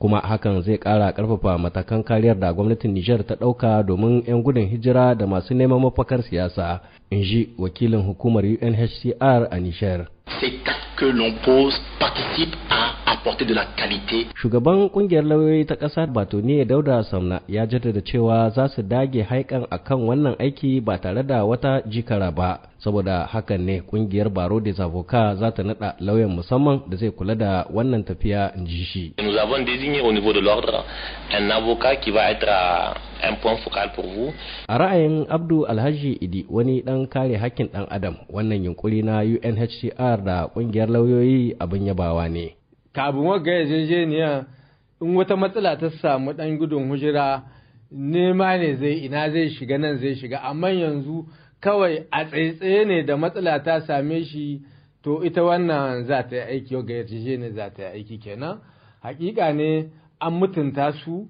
kuma hakan zai ƙara ƙarfafa matakan kariyar da gwamnatin Nijar ta ɗauka domin 'yan gudun hijira da masu neman mafakar siyasa, in ji wakilin hukumar UNHCR a Nijar. Ces actes que l'on pose participent à apporter de la qualité. Shugaban kungiyar lauyoyi ta ƙasar ya Dauda Samna ya jaddada cewa za su dage haikan akan wannan aiki ba tare da wata jikara ba. Saboda hakan ne kungiyar Baro des Avocats za ta nada lauyan musamman da zai kula da wannan tafiya in ji shi. Nous avons désigné au niveau de l'ordre un avocat qui va être un point focal pour vous. A ra'ayin Abdu Alhaji Idi wani dan kare hakkin dan Adam wannan yunkuri na UNHCR da kungiyar lauyoyi abin yabawa ne. Kabin wagga yarjejeniya in wata matsala ta samu dan gudun hujira nema ne zai ina zai shiga nan zai shiga amma yanzu kawai a tsaitsaye ne da matsala ta same shi to ita wannan za ta yi aiki ga yarjejeniya za ta yi aiki kenan hakika ne an mutunta su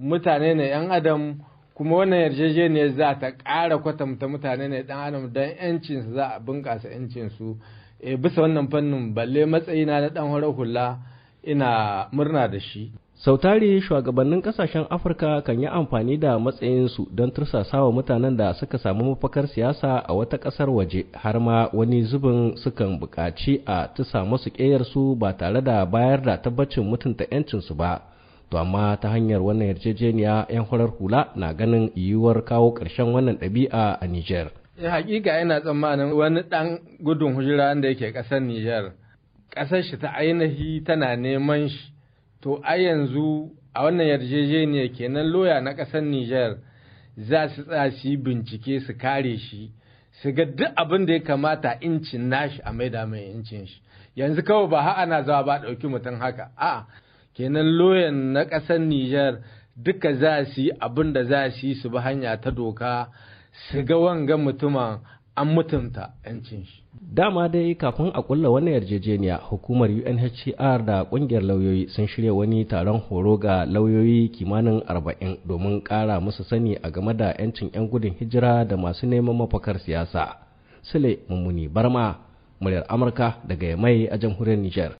mutane ne 'yan adam kuma wannan yarjejeniyar za ta ƙara kwatanta mutane ne ɗan adam don 'yancinsu za a bunƙasa 'yancinsu e, bisa wannan fannin balle matsayina na ɗan horar hula ina murna da shi sautari shugabannin kasashen afirka kan yi amfani da matsayinsu don tursasawa mutanen da suka samu mafakar siyasa a wata kasar waje har ma wani zubin sukan bukaci a tusa musu ƙeyarsu ba tare da bayar da tabbacin mutunta 'yancinsu ba to amma ta hanyar wannan yarjejeniya 'yan farar hula na ganin yiwuwar kawo ƙarshen wannan ɗabi'a a Nijar. Eh, hakika yana tsammanin wani ɗan gudun hujira da yake ƙasar Nijar, ƙasar shi ta ainihi tana neman shi, to a yanzu a wannan yarjejeniya kenan loya na ƙasar Nijar za su yi bincike su kare shi, su ga duk abin da ya kamata incin nashi a maida mai incin shi. Yanzu kawai ba ha ana zawa ba ɗauki mutum haka, a'a. kenan loyan na ƙasar Nijar duka za su yi abin da za su yi su bi hanya ta doka su ga wanga mutumin an mutunta 'yancin shi. Dama dai kafin a kulla wannan yarjejeniya hukumar UNHCR da kungiyar lauyoyi sun shirya wani taron horo ga lauyoyi kimanin arba'in domin ƙara musu sani a game da 'yancin 'yan gudun hijira da masu neman mafakar siyasa. Sule Mummuni Barma, muryar Amurka daga Yamai a jamhuriyar Nijar.